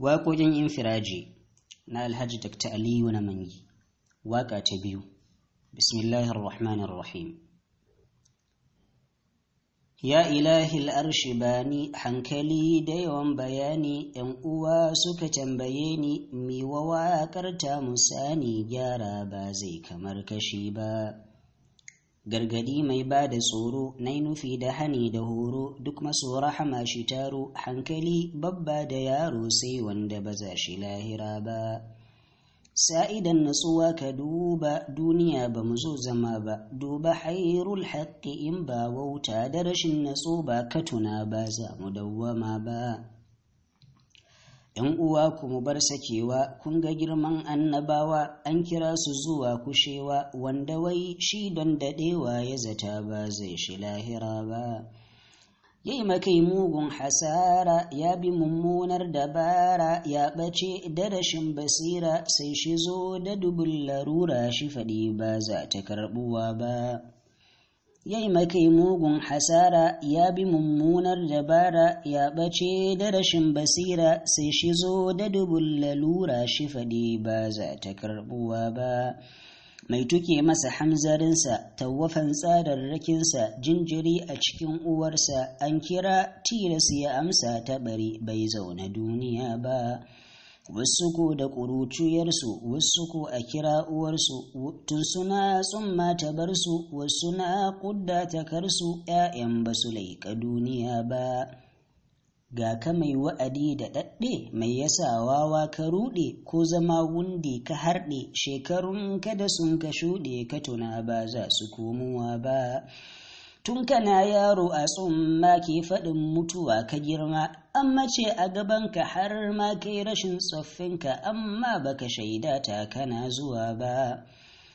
waƙoƙin infiraji na alhaji dr aliyu na mangi waƙa ta biyu bismillahir rahmanir rahim ya ilahil arshi bani hankali da yawan bayani yan uwa suka tambaye ni miwa waƙar ta musani gyara ba zai kamar kashi ba gargadi mai ba da tsoro na nufi da hani da horo duk masu rahama shi taro hankali babba da yaro sai wanda ba za shi lahira ba sa'idan natsuwa ka duba duniya ba mu zo zama ba duba hairul haƙƙi in ba wauta da rashin natso ba ka tuna ba za mu dawwama ba ‘Yan uwa ku mu bar sakewa, kun ga girman annabawa, an kira su zuwa kushewa, wanda wai shi don daɗewa ya zata ba zai shi lahira ba. ya yi makai mugun hasara ya bi mummunar dabara ya ɓace da rashin basira sai shi zo da dubin larura shi faɗi ba za ta karɓuwa ba. ya yi makai mugun hasara ya bi mummunar dabara ya ɓace da rashin basira sai shi zo da dubun lalura shi faɗi ba za ta karɓuwa ba mai tuke masa hamzarinsa tawafan rakinsa, jinjiri a cikin uwarsa an kira tilas ya amsa ta bari bai zaune duniya ba wasu ko da ƙuruciyarsu wasu ko a kira uwarsu tun suna tsumma ta bar su wasu na ƙudda ta karsu ‘ya'yan ba su laika duniya ba ga ka mai wa'adi da ɗaɗɗe mai yasa wawa ka ruɗe ko zama wunde ka harɗe shekarun kada sun ka shuɗe ka tuna ba za su komowa ba tun kana yaro a tsumma ke faɗin mutuwa ka girma an mace a gabanka har ma kai rashin tsoffinka amma baka shaida ta kana zuwa ba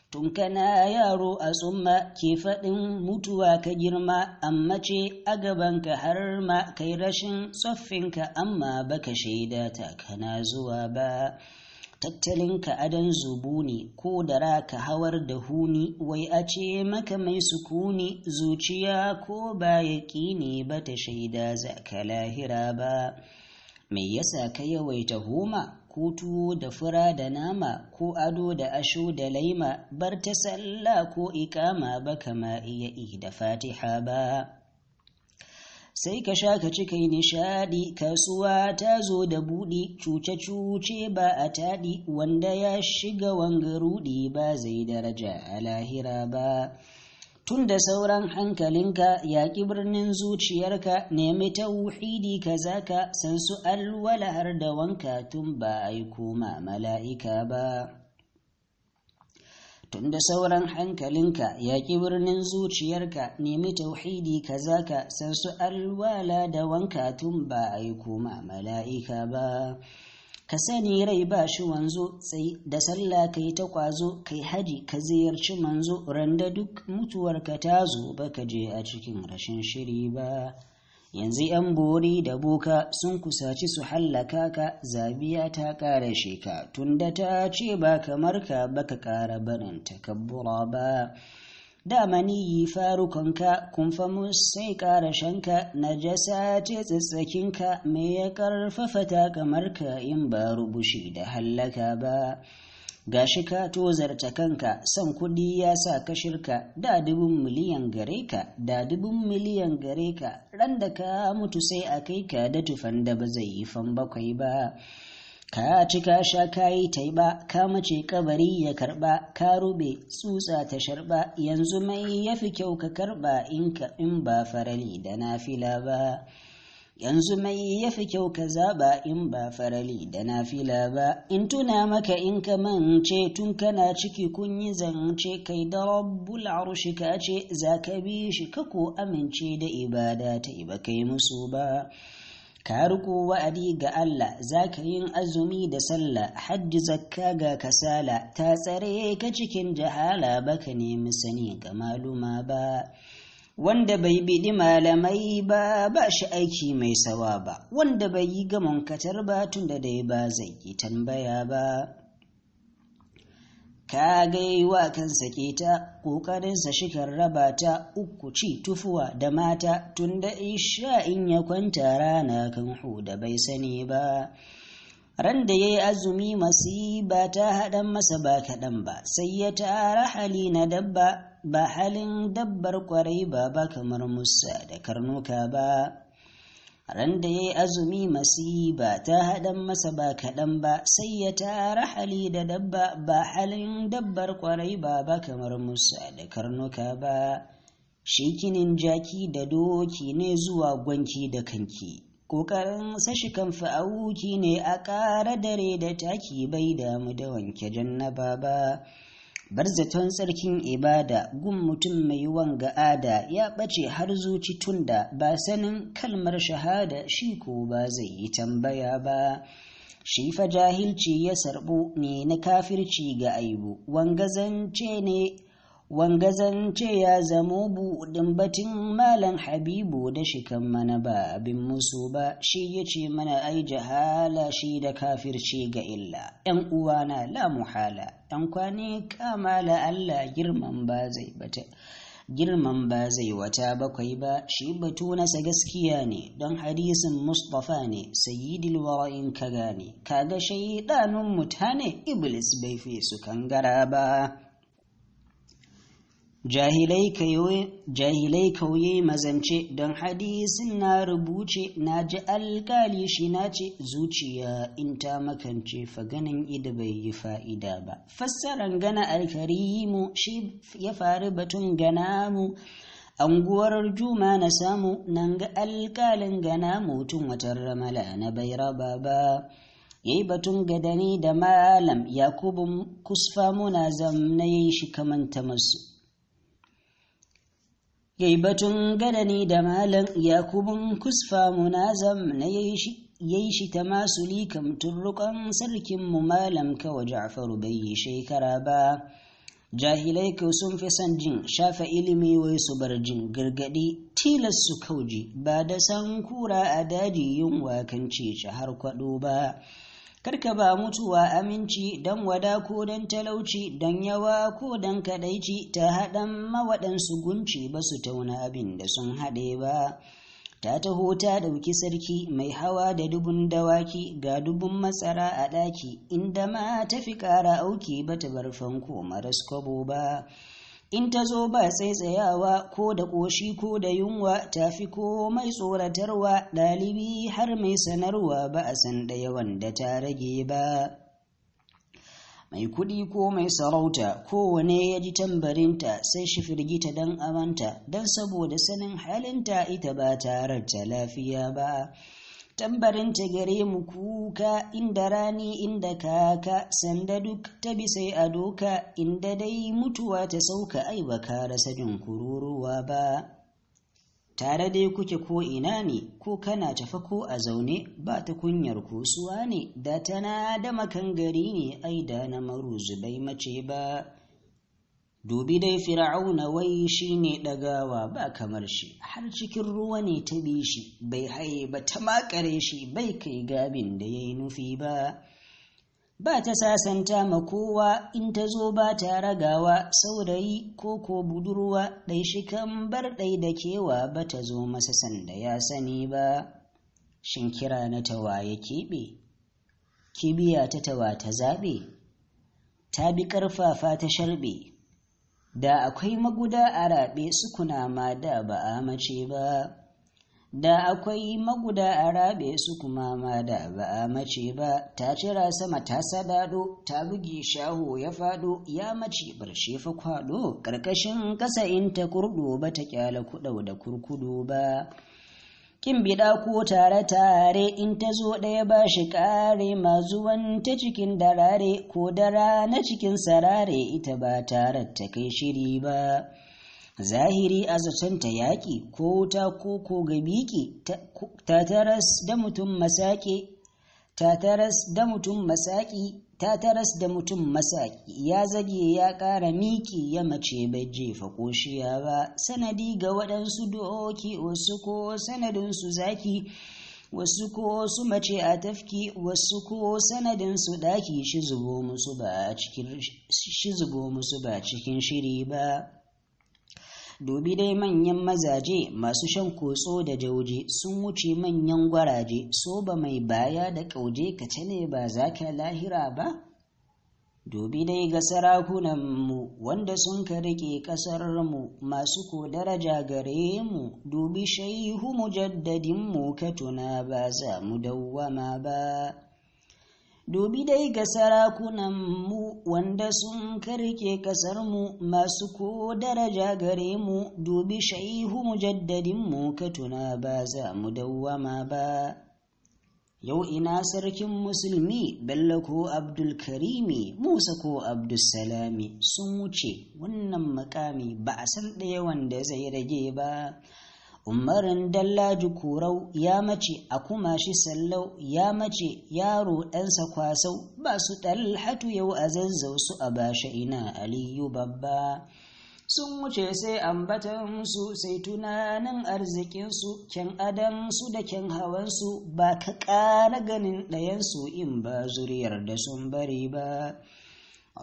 tun kana yaro a tsumma ke faɗin mutuwa ka girma amma ce a gabanka har ma kai rashin tsoffinka amma baka shaida ta kana zuwa ba tattalinka adon zubu ne ko da raka hawar da huni wai a ce maka mai sukuni zuciya ko ba ya ne ba ta shaida za ka lahira ba me yasa ka yawaita Huma ko tuwo da fura da nama ko ado da asho da laima bar ta sallah ko ikama ba kama iya da fatiha ba sai ka sha ka ci kai nishaɗi kasuwa ta zo da buɗi cuce-cuce ba a taɗi wanda ya shiga wanga ruɗi ba zai daraja a lahira ba tun da sauran hankalinka yaƙi birnin zuciyarka nemi tauhidi ka zaka san su alwala da wanka tun ba a yi koma mala'ika ba tunda sauran hankalinka ya yaƙi birnin zuciyarka nemi tauhidi ka ka san su alwala da wanka tun ba a yi koma mala'ika ba ka sani rai ba shi wanzo tsayi da sallah kai ta kwazo kai haji ka ziyarci manzo randa duk mutuwarka ta zo ka je a cikin rashin shiri ba yanzu ‘yan bori da boka sun kusaci su hallaka ka zabiya ta ƙara sheka tunda ta ce ba kamar ka baka ƙara barin takabbura ba da maniyi farukanka kumfamu sai ƙara shanka jasa ce tsatsakin ka, me ya ƙarfafa ta kamar ka in ba rubushi da hallaka ba Ga shi ka tozarta kanka son kuɗi ya sa kashirka shirka da dubun miliyan gare ka da dubun miliyan gare ka ran da ka mutu sai a kai ka da tufan da ba zai yi fan bakwai ba ka ci ka sha ka yi taiba ka mace kabari ya karba ka rube tsutsa ta sharba yanzu mai ya fi kyau ka karba in ba farali da na fila ba yanzu mai ya fi kyau ka zaɓa in ba farali da na fila ba in tuna maka in ka mance tun kana ciki kun yi zance kai da rabbul arshi ka ce za ka bi shi ka ko amince da ibada ta ba kai musu ba ka riko wa'adi ga Allah za ka yi azumi da sallah hajji zakka ga kasala ta tsare ka cikin jahala baka nemi sani ga maluma ba wanda bai biɗi malamai ba ba shi aiki mai sawa ba wanda bai yi gamon katar ba tun da dai ba zai yi tambaya ba ka gaiwa kansa keta ƙoƙarinsa shikar raba ta uku ci tufuwa da mata tun da in ya kwanta rana kan huda bai sani ba ran da ya yi azumi masiba ta haɗan masa ba kaɗan ba sai ya tara hali na dabba ba halin dabbar kwarai ba ba kamar musa da karnuka ba ran da ya yi azumi ba ta haɗan masa ba kaɗan ba sai ya tara hali da dabba ba halin dabbar kwarai ba ba kamar musa da karnuka ba shikinin jaki da doki ne zuwa gwanki da kanki ƙoƙarin sashi kan fa'auki ne a ƙara dare da taki bai damu da wanke jannaba ba bar zaton sarkin ibada gun mutum mai wanga'ada ya ɓace har zuci tunda ba sanin kalmar shahada shi ko ba zai yi tambaya ba shi fa jahilci ya sarɓu ne na kafirci ga aibu wangazance ne wangazance ce ya zamo buɗin batin malam habibu da shi kan mana ba abin musu ba shi ya ce mana ai jahala shi da kafirce ga illa ‘yan uwana la muhala ‘yan kwane kama la Allah girman ba zai bata girman ba zai wata bakwai ba shi batu nasa gaskiya ne don hadisin mustapha ne sayyidil wara'in kaga ne kaga shaidanun mutane iblis bai fi su kangara ba jahilai kauye mazance don hadisin na rubuce na ji alkali shi na ce zuciya in ta makance fa ganin ida bai yi fa'ida ba fassaran gana alkarimu shi ya faru batun gana mu anguwar juma na samu nan ga alkalin gana mutum watan ramala na bai raba ba yayi batun gadani da malam yakubu kusfa muna zamnai shi kamanta masu Yaibatun gadani da malam Yakubun kusfa munazam na yayi shi ta masu likam rukon sarkinmu malam kawa Ja'faru bai yi shekara ba. Jahilai ka sun fi son jin shafa ilimi wai su bar jin gargaɗi tilas su kauji ba da san kura a daji yunwa kan ce har kwado ba. karka ba mutuwa aminci don wada ko don talauci don yawa ko don kadaici ta haɗan mawaɗansu gunci ba su tauna abin da sun haɗe ba ta taho ta ɗauki sarki mai hawa da dubun dawaki ga dubun matsara a ɗaki inda ma ta fi ƙara auki ba ta bar fanko maras kwabo ba in ta zo ba tsaitsayawa ko da ƙoshi ko da yunwa ta fi ko mai tsoratarwa ɗalibi har mai sanarwa ba a san da yawan ta rage ba mai kuɗi ko mai sarauta kowane ya ji tambarinta sai shi firgita don amanta don saboda sanin halinta ita ba tare ta lafiya ba tambarin ta gare mu kuka inda rani inda kaka sanda duk ta bi sai a doka inda dai mutuwa ta sauka ai ba ka rasa jin kururuwa ba tare dai kuke ko ina ne ko kana tafa ko a zaune ba ta kunyar kusuwa ne da tana da makangari ne ai da na maruzubai mace ba Dubi dai fir'auna wai shi ne ɗagawa ba kamar shi, har cikin ruwa ne ta bi shi, bai haye ba ta makare shi bai kai gabin da ya yi nufi ba. Ba ta sasanta ma kowa in ta zo ba ta ragawa saurayi ko ko budurwa ɗai shi kan bar ɗai da kewa ba ta zo masa sanda ya sani ba. Shin kira na tawa ya keɓe, kibiya ta tawa ta zaɓe, ta bi ƙarfafa ta sharɓe. da akwai maguda a raɓe su ma da ba a mace ba da akwai maguda a raɓe su ma da ba a mace ba ta cira sama ta sadado ta bugi shaho ya fado ya mace barshe fa kwado ƙarƙashin ƙasa in ta kurɗo ba ta ƙyala kuɗau da kurkudu ba kin biɗa ko tare-tare in ta zo ɗaya ba shi ƙare mazuwan ta cikin darare ko dara na cikin sarare ita ba tare ta kai shiri ba zahiri a zaton ta yaƙi ko ta koko ga biki ta taras da mutum masaƙi ta taras da mutum masaki ya zage ya ƙara miki ya mace bai jefa koshiya ba sanadi ga waɗansu doki wasu ko sanadinsu zaki wasu ko su mace a tafki wasu ko sanadinsu ɗaki shi zubo musu ba cikin shiri ba Dobi dai manyan mazaje masu shan kotso da jauje sun wuce manyan gwaraje, soba mai baya da ƙauje kace ne ba za ka lahira ba? Dobi dai ga sarakunanmu wanda sun ka riƙe ƙasarmu masu ko daraja gare mu, dubi shaihu mujaddadinmu ka tuna ba za mu dawwama ba. Dobi dai ga sarakunan mu wanda sun karke ƙasarmu masu ko daraja gare mu, dobi shaihu mujaddadinmu ka tuna ba za mu dawwama ba. Yau ina sarkin musulmi Bello ko Abdulkarimi, Musa ko Abdulsalami sun wuce wannan makami ba a san ɗaya wanda zai rage ba. umarin dallaji Kurau ya mace a kuma shi sallau ya mace yaro ɗansa kwasau ba su ɗalhatu yau a zazzau su a basha ina aliyu babba sun wuce sai ambatansu sai tunanin arzikinsu kyan adansu da kyan hawansu ba ka ƙara ganin ɗayansu in ba zuriyar da sun bari ba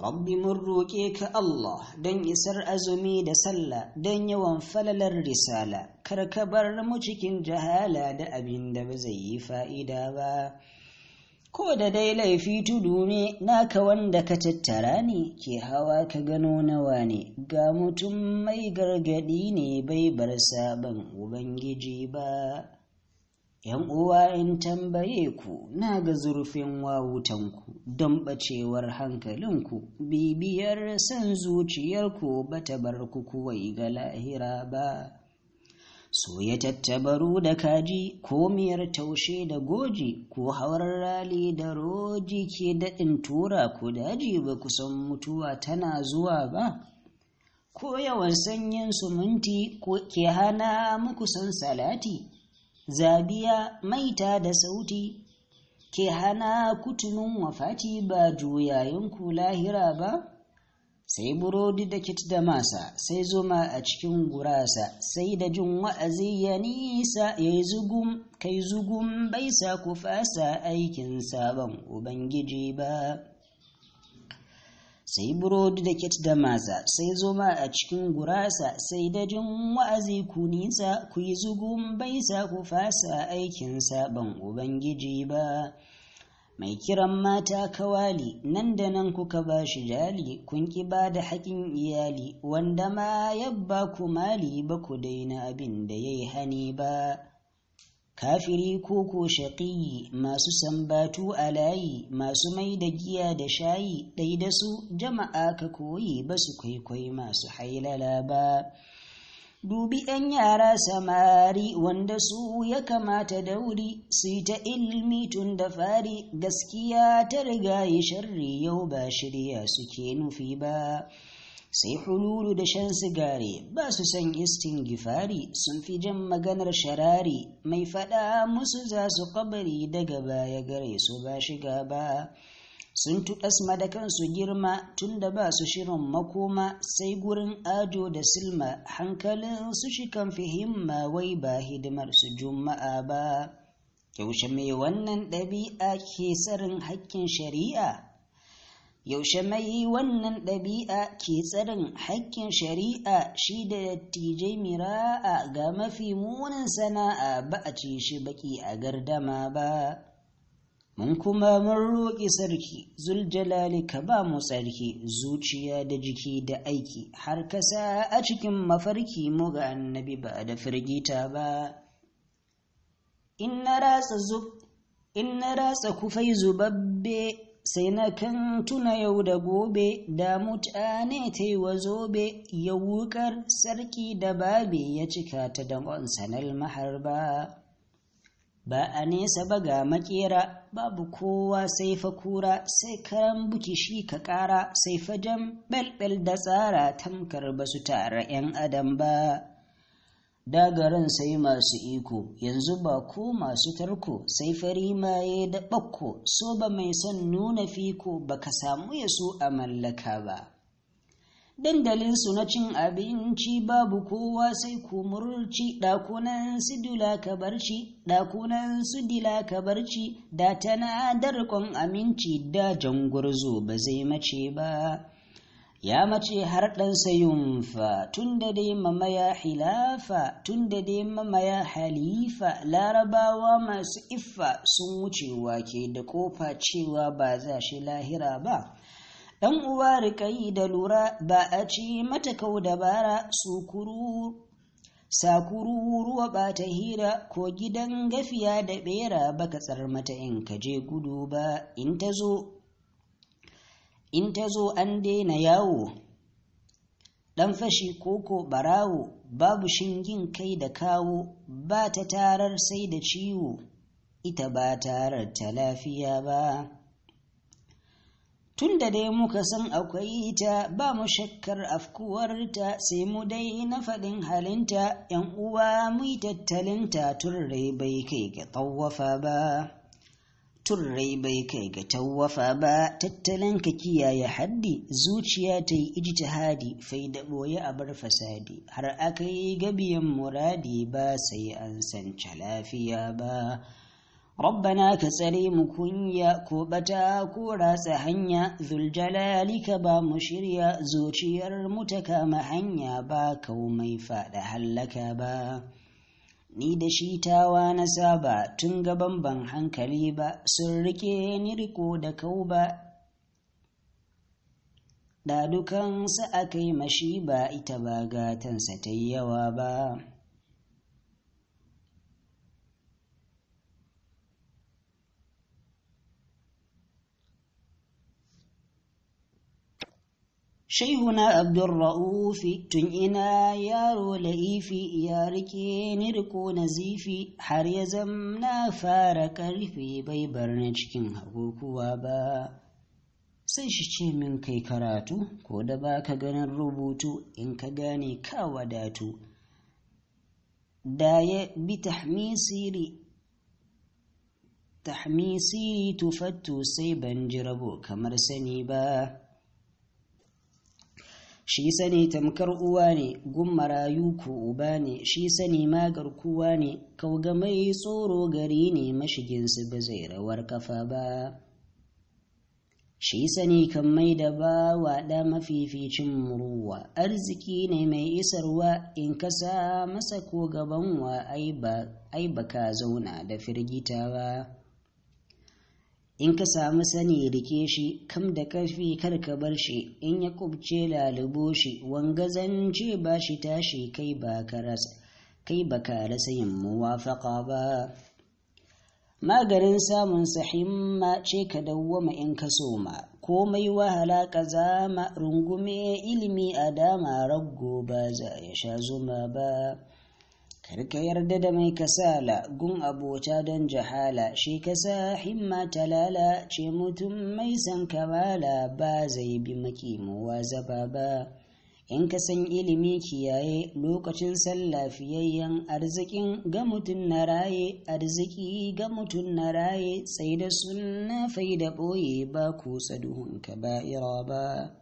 Rabbi mun roƙe ka Allah don isar azumi da sallah don yawan falalar risala, kar ka bar mu cikin jahala da abin da ba zai yi fa'ida ba. Ko da dai laifi tudu ne naka wanda ka tattara ne ke hawa ka gano nawa ne, ga mutum mai gargaɗi ne bai bar sabon Ubangiji ba. ‘Yan uwa in tambaye ku, na ga zurfin wawutanku, don ɓacewar hankalinku, bibiyar san zuciyarku ba ta bar ku kuwai ga lahira ba. So ya tattabaru da kaji, ko miyar taushe da goji, ko hawar rali da roji ke daɗin tura ku daji ba kusan mutuwa tana zuwa ba. Ko yawan sanyin suminti ke hana muku san salati. zabiya maita da sauti ke hana kutunun wafati ba ku lahira ba sai burodi da kit da masa sai zuma a cikin gurasa sai da jin wa'azi ya nisa ya yi zugun kai zugun bai sa ku fasa aikin sabon ubangiji ba sai burodi da ket da maza, sai zoma a cikin gurasa sai dajin wa'azi ku nisa ku yi zugun baisa ku fasa aikin ban ubangiji ba mai kiran mata kawali nan da nan kuka ba shi jali kun ki ba da haƙin iyali wanda ma yabba ku mali ba ku daina abin da ya yi hani ba kafiri ko ko masu sambatu a layi masu mai da giya da shayi ɗai da su jama'a ka koyi ba su kwaikwai masu hailala ba dubi ‘yan yara samari wanda su ya kamata su yi ta ilmi tun da fari gaskiya ta riga yi sharri yau ba shirya suke nufi ba sai hululu da shan sigari ba su san istin gifari sun fi jan maganar sharari mai faɗa musu za su kabari daga baya gare su ba shiga ba sun tuɗasma da kansu girma tun da ba su shirin makoma sai gurin ajo da silma hankalin su shi kan fi wai ba hidimar su juma'a ba yaushe mai wannan ɗabi'a ke tsarin hakkin shari'a yaushe mai wannan ɗabi'a ke tsarin haƙƙin shari'a shi da dattijai mira'a ga mafi munin sana'a ba a ce shi baƙi a gardama ba mun kuma mun roƙi sarki zuljalali ka ba mu sarki zuciya da jiki da aiki har kasa a cikin mafarki mu ga annabi ba da firgita ba in na ratsa kufai zubabbe sai na kan tuna yau da gobe da mutane ta yi wa zobe ya wukar sarki da babe ya cika ta da sanar maharba ba a nesa ba ga makera babu kowa sai fa kura sai karan buki shi ka kara sai fa fajan belbel da tsara tamkar ba su tara 'yan adam ba dagaran sai masu iko yanzu ba ko masu tarko sai fari maye da bakko so ba mai son nuna fiko ba ka samu ya so a mallaka ba dandalinsu na cin abinci babu kowa sai ku murci ɗakunan su dula ka barci ɗakunan su dila ka barci da tana darkon aminci da jangurzo ba zai mace ba ya mace har ɗansa yunfa tun da dai mamaya hilafa tun da dai mamaya halifa larabawa masu iffa sun wucewa ke da ƙofa cewa ba za shi lahira ba ɗan uwa riƙayi da lura ba a ci mata kau dabara su kuru sakuru ruwa ba ta hira ko gidan gafiya da ɓera baka tsar mata in ka je gudu ba in ta zo in ta zo an daina yawo ɗan fashi koko ɓarawo babu shingin kai da kawo ba ta tarar sai da ciwo ita ba tarar ta lafiya ba tun da dai muka san akwai ita, ba mu shakkar afkuwarta sai mu dai na faɗin halinta ‘yan uwa mu yi tattalin tatun bai kai ga tsawafa ba’ turrai bai kai ga tawwafa ba tattalin ka kiyaye haddi zuciya ta yi hadi, fai da boye a bar fasadi har aka yi gabiyan muradi ba sai an san lafiya ba ka tsare mu kunya, ربنا كسري مكنيا كوبتا كورا mu shirya, zuciyar mu مشريا kama hanya ba با كومي فاد hallaka ba. ni da shi tawa na saba tun gaban ban hankali ba sun rike ni riko da kau ba da dukansa aka yi mashi ba ita ba gatansa ta yi yawa ba Shaihuna Abdulra'ufi tun ina yaro la'ifi ya rike ni riko nazifi har ya zama na fara karfe bai bar ni cikin hakukuwa ba. Sai shi ce min kai karatu ko da ba ka ganin rubutu in ka gane ka wadatu. Da ya bi tahmisiri tahmisiri tufattu sai ban ji rabo kamar sani ba. shi sani tamkar uwa ne gun marayu ko uba ne shi sani magar kuwa ne kauga mai tsoro gari ne mashiginsu ba zai rawar kafa ba shi sani kan mai da ba wa ɗa mafificin muruwa arziki ne mai isarwa in kasa masa ko gaban wa ai ba ka zauna da firgita ba in ka samu sani rike shi kam da ƙarfi kar ka bar shi in ya kubce lalubo shi wangazance ba shi tashi kai ba ka rasa kai ba ka rasa yin muwafaƙa ba Magarin samun ma ce ka dawwama in ka so ma, komai wahala ka zama rungume ilimi a dama raggo ba za ya sha zuma ba karka yarda da mai kasala gun abota don jahala shi kasa himma talala ce mutum mai san kamala ba zai bi makimowa zaba ba in ka san ilimi kiyaye lokacin sallafiyayyen arzikin ga mutum na raye arziki ga mutum na raye sai da sunna fai da ɓoye ba kusa duhun ka ba'ira ba